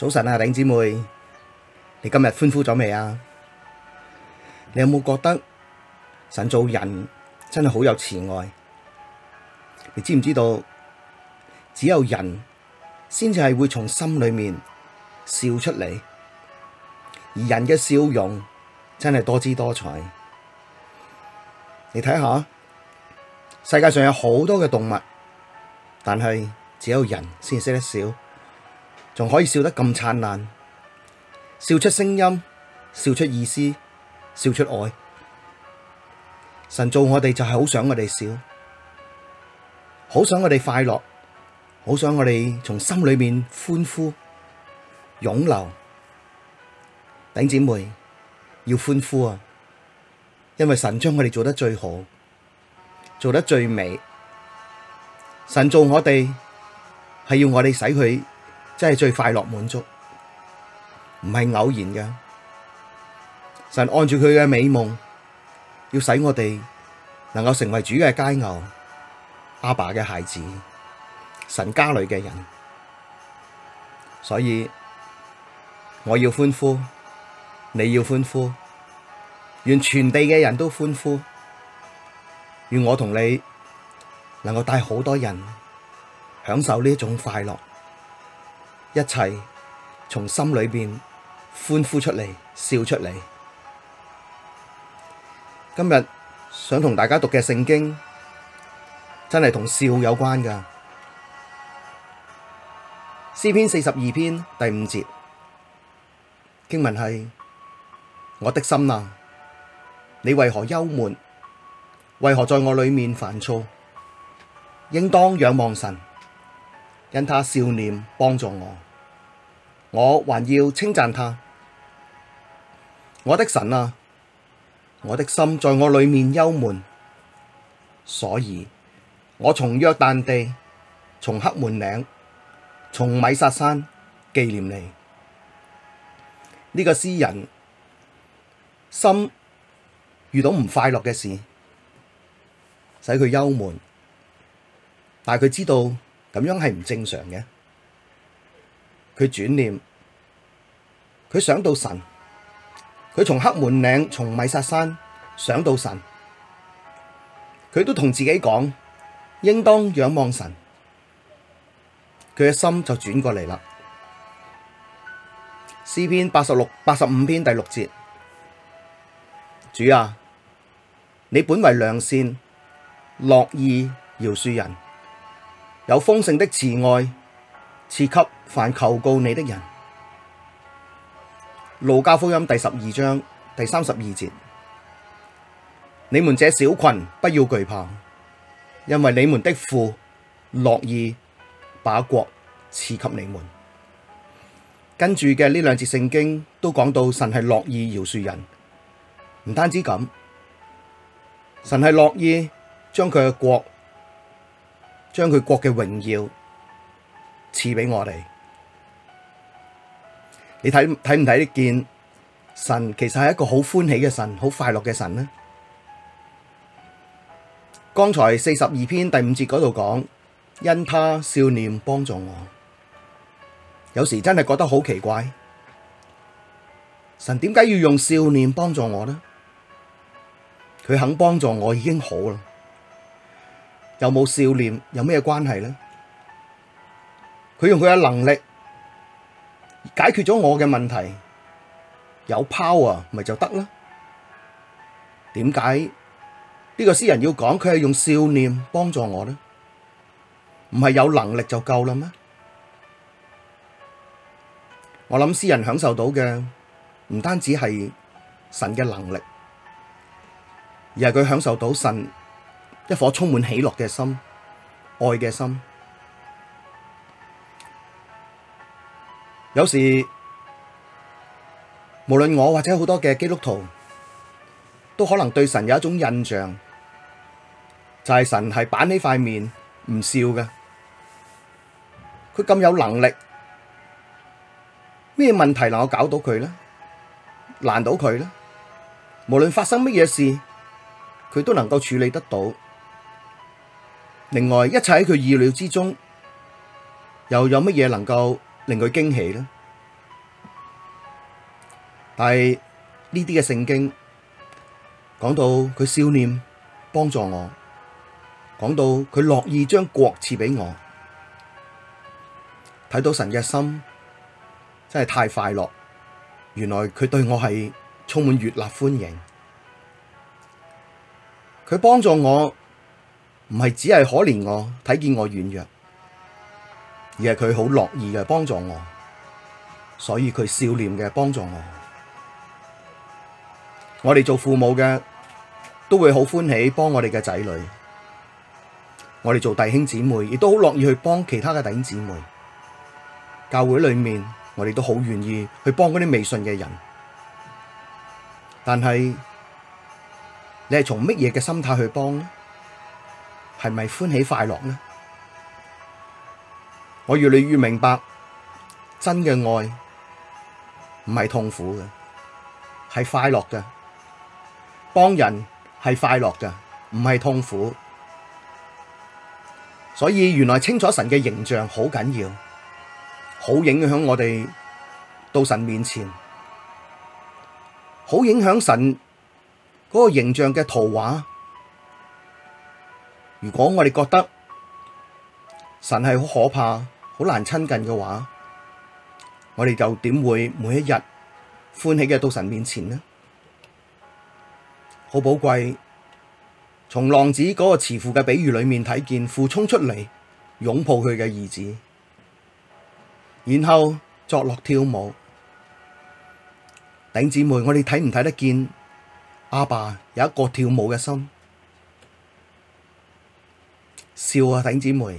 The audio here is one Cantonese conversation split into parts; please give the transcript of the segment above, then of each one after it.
早晨啊，頂姊妹，你今日歡呼咗未啊？你有冇覺得神造人真係好有慈愛？你知唔知道？只有人先至係會從心裏面笑出嚟，而人嘅笑容真係多姿多彩。你睇下，世界上有好多嘅動物，但係只有人先識得笑。仲可以笑得咁燦爛，笑出聲音，笑出意思，笑出愛。神造我哋就係好想我哋笑，好想我哋快樂，好想我哋從心裏面歡呼、湧流。頂姐妹，要歡呼啊！因為神將我哋做得最好，做得最美。神造我哋係要我哋使佢。真係最快樂滿足，唔係偶然嘅。神按住佢嘅美夢，要使我哋能夠成為主嘅佳偶、阿爸嘅孩子、神家裏嘅人。所以我要歡呼，你要歡呼，願全地嘅人都歡呼，願我同你能夠帶好多人享受呢種快樂。一切從心裏邊歡呼出嚟，笑出嚟。今日想同大家讀嘅聖經，真係同笑有關㗎。詩篇四十二篇第五節經文係：我的心啊，你為何憂悶？為何在我裏面煩躁？應當仰望神。因他笑臉幫助我，我還要稱讚他。我的神啊，我的心在我裡面憂悶，所以我從約但地，從黑門嶺，從米薩山紀念你。呢、這個詩人心遇到唔快樂嘅事，使佢憂悶，但係佢知道。咁樣係唔正常嘅。佢轉念，佢想到神，佢從黑門嶺、從米薩山想到神，佢都同自己講，應當仰望神。佢嘅心就轉過嚟啦。詩篇八十六八十五篇第六節，主啊，你本為良善，樂意饒恕人。有豐盛的慈愛賜給凡求告你的人。路加福音第十二章第三十二節：你們這小群，不要懼怕，因為你們的父樂意把國賜給你們。跟住嘅呢兩節聖經都講到神係樂意饒恕人，唔單止咁，神係樂意將佢嘅國。將佢國嘅榮耀賜俾我哋，你睇睇唔睇得見？神其實係一個好歡喜嘅神，好快樂嘅神呢。剛才四十二篇第五節嗰度講，因他笑臉幫助我，有時真係覺得好奇怪，神點解要用笑臉幫助我呢？佢肯幫助我已經好啦。有冇笑臉有咩關係呢？佢用佢嘅能力解決咗我嘅問題，有 power 呀，咪就得啦？點解呢個詩人要講佢係用笑臉幫助我呢？唔係有能力就夠啦咩？我諗詩人享受到嘅唔單止係神嘅能力，而係佢享受到神。一顆充滿喜樂嘅心，愛嘅心。有時，無論我或者好多嘅基督徒，都可能對神有一種印象，就係神係板起塊面唔笑嘅。佢咁有能力，咩問題能夠搞到佢咧？難到佢咧？無論發生乜嘢事，佢都能夠處理得到。另外，一切喺佢意料之中，又有乜嘢能夠令佢驚喜咧？但係呢啲嘅聖經講到佢笑臉幫助我，講到佢樂意將國賜畀我，睇到神嘅心真係太快樂，原來佢對我係充滿熱辣歡迎，佢幫助我。唔係只係可憐我，睇見我軟弱，而係佢好樂意嘅幫助我，所以佢笑臉嘅幫助我。我哋做父母嘅都會好歡喜幫我哋嘅仔女，我哋做弟兄姊妹亦都好樂意去幫其他嘅弟兄姊妹。教會裏面我哋都好願意去幫嗰啲未信嘅人，但係你係從乜嘢嘅心態去幫呢？係咪歡喜快樂呢？我越嚟越明白，真嘅愛唔係痛苦嘅，係快樂嘅。幫人係快樂嘅，唔係痛苦。所以原來清楚神嘅形象好緊要，好影響我哋到神面前，好影響神嗰個形象嘅圖畫。如果我哋覺得神係好可怕、好難親近嘅話，我哋又點會每一日歡喜嘅到神面前呢？好寶貴，從浪子嗰個慈父嘅比喻裏面睇見父衝出嚟擁抱佢嘅兒子，然後作樂跳舞。弟兄姊妹，我哋睇唔睇得見阿爸有一個跳舞嘅心？笑啊，弟兄姊妹，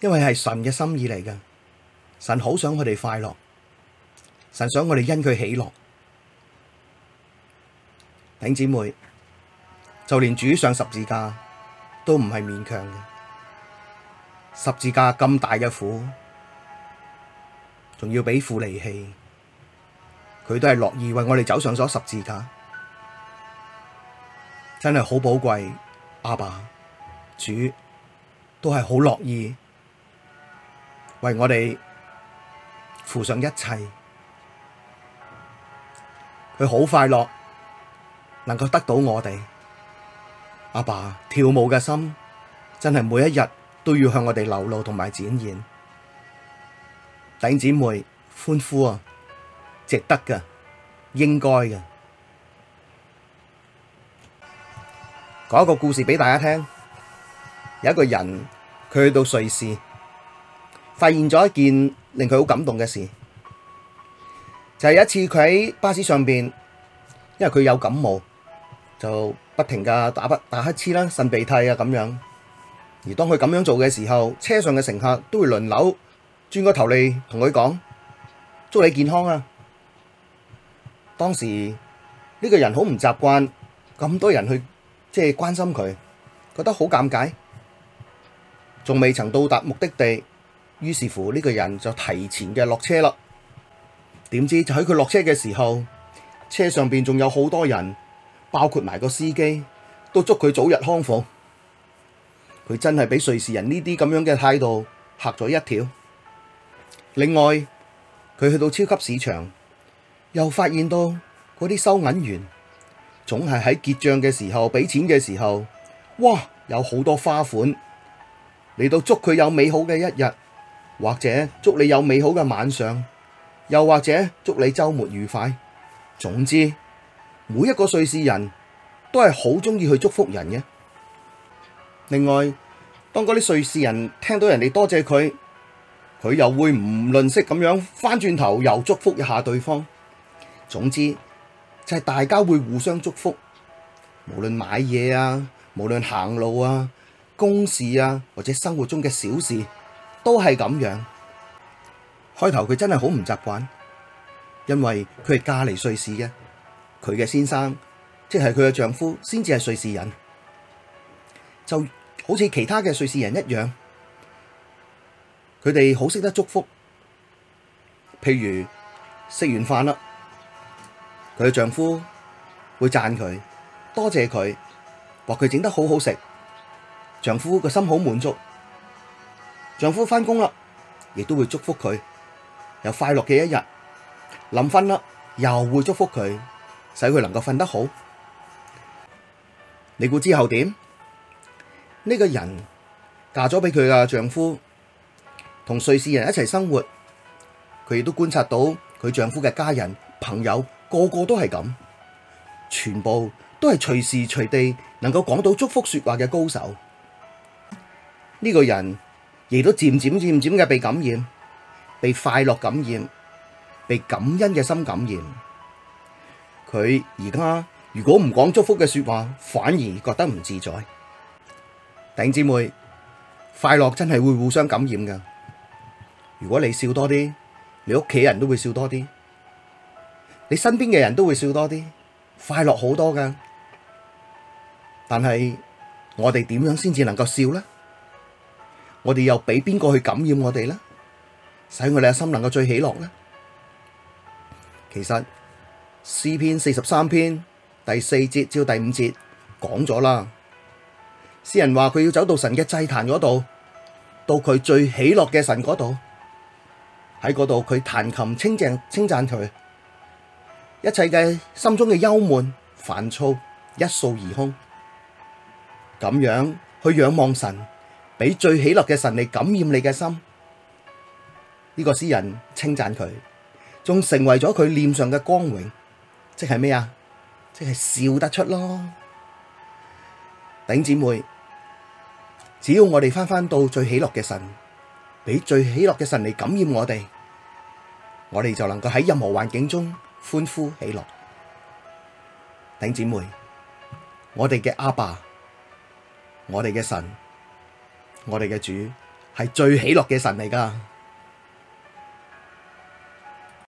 因為係神嘅心意嚟嘅。神好想佢哋快樂，神想我哋因佢喜樂。弟兄姊妹，就連主上十字架都唔係勉強嘅，十字架咁大嘅苦，仲要俾父離棄，佢都係樂意為我哋走上咗十字架，真係好寶貴，阿爸、爸。主都係好樂意為我哋付上一切，佢好快樂，能夠得到我哋。阿爸跳舞嘅心真係每一日都要向我哋流露同埋展現。弟兄姊妹歡呼啊！值得㗎，應該㗎。講一個故事俾大家聽。有一個人佢去到瑞士，發現咗一件令佢好感動嘅事，就係有一次佢喺巴士上邊，因為佢有感冒，就不停嘅打打乞嗤啦、擤鼻涕啊咁樣。而當佢咁樣做嘅時候，車上嘅乘客都會輪流轉個頭嚟同佢講祝你健康啊。當時呢個人好唔習慣咁多人去即係關心佢，覺得好尷尬。仲未曾到達目的地，於是乎呢個人就提前嘅落車啦。點知就喺佢落車嘅時候，車上邊仲有好多人，包括埋個司機，都祝佢早日康復。佢真係俾瑞士人呢啲咁樣嘅態度吓咗一跳。另外，佢去到超級市場，又發現到嗰啲收銀員總係喺結賬嘅時候，俾錢嘅時候，哇，有好多花款。嚟到祝佢有美好嘅一日，或者祝你有美好嘅晚上，又或者祝你周末愉快。總之，每一個瑞士人都係好中意去祝福人嘅。另外，當嗰啲瑞士人聽到人哋多謝佢，佢又會唔吝嗇咁樣翻轉頭又祝福一下對方。總之，就係、是、大家會互相祝福，無論買嘢啊，無論行路啊，公事啊，或者生活中嘅小事都係咁樣。開頭佢真係好唔習慣，因為佢係嫁嚟瑞士嘅，佢嘅先生即係佢嘅丈夫，先至係瑞士人，就好似其他嘅瑞士人一樣，佢哋好識得祝福。譬如食完飯啦，佢嘅丈夫會讚佢，多謝佢，話佢整得好好食。丈夫個心好滿足，丈夫返工啦，亦都會祝福佢有快樂嘅一日。臨瞓啦，又會祝福佢，使佢能夠瞓得好。你估之後點？呢、這個人嫁咗俾佢嘅丈夫，同瑞士人一齊生活，佢亦都觀察到佢丈夫嘅家人、朋友個個都係咁，全部都係隨時隨地能夠講到祝福說話嘅高手。呢個人亦都漸漸漸漸嘅被感染，被快樂感染，被感恩嘅心感染。佢而家如果唔講祝福嘅說話，反而覺得唔自在。弟姊妹，快樂真係會互相感染㗎。如果你笑多啲，你屋企人都會笑多啲，你身邊嘅人都會笑多啲，快樂好多㗎。但係我哋點樣先至能夠笑呢？我哋又俾邊個去感染我哋呢？使我哋心能夠最喜樂呢？其實詩篇四十三篇第四節至第五節講咗啦，詩人話佢要走到神嘅祭壇嗰度，到佢最喜樂嘅神嗰度，喺嗰度佢彈琴稱讚稱讚佢，一切嘅心中嘅憂悶煩躁一掃而空，咁樣去仰望神。俾最喜樂嘅神嚟感染你嘅心，呢個詩人稱讚佢，仲成為咗佢臉上嘅光榮，即係咩啊？即係笑得出咯，頂姐妹！只要我哋翻返到最喜樂嘅神，俾最喜樂嘅神嚟感染我哋，我哋就能夠喺任何環境中歡呼喜樂。頂姐妹，我哋嘅阿爸，我哋嘅神。我哋嘅主係最喜樂嘅神嚟㗎。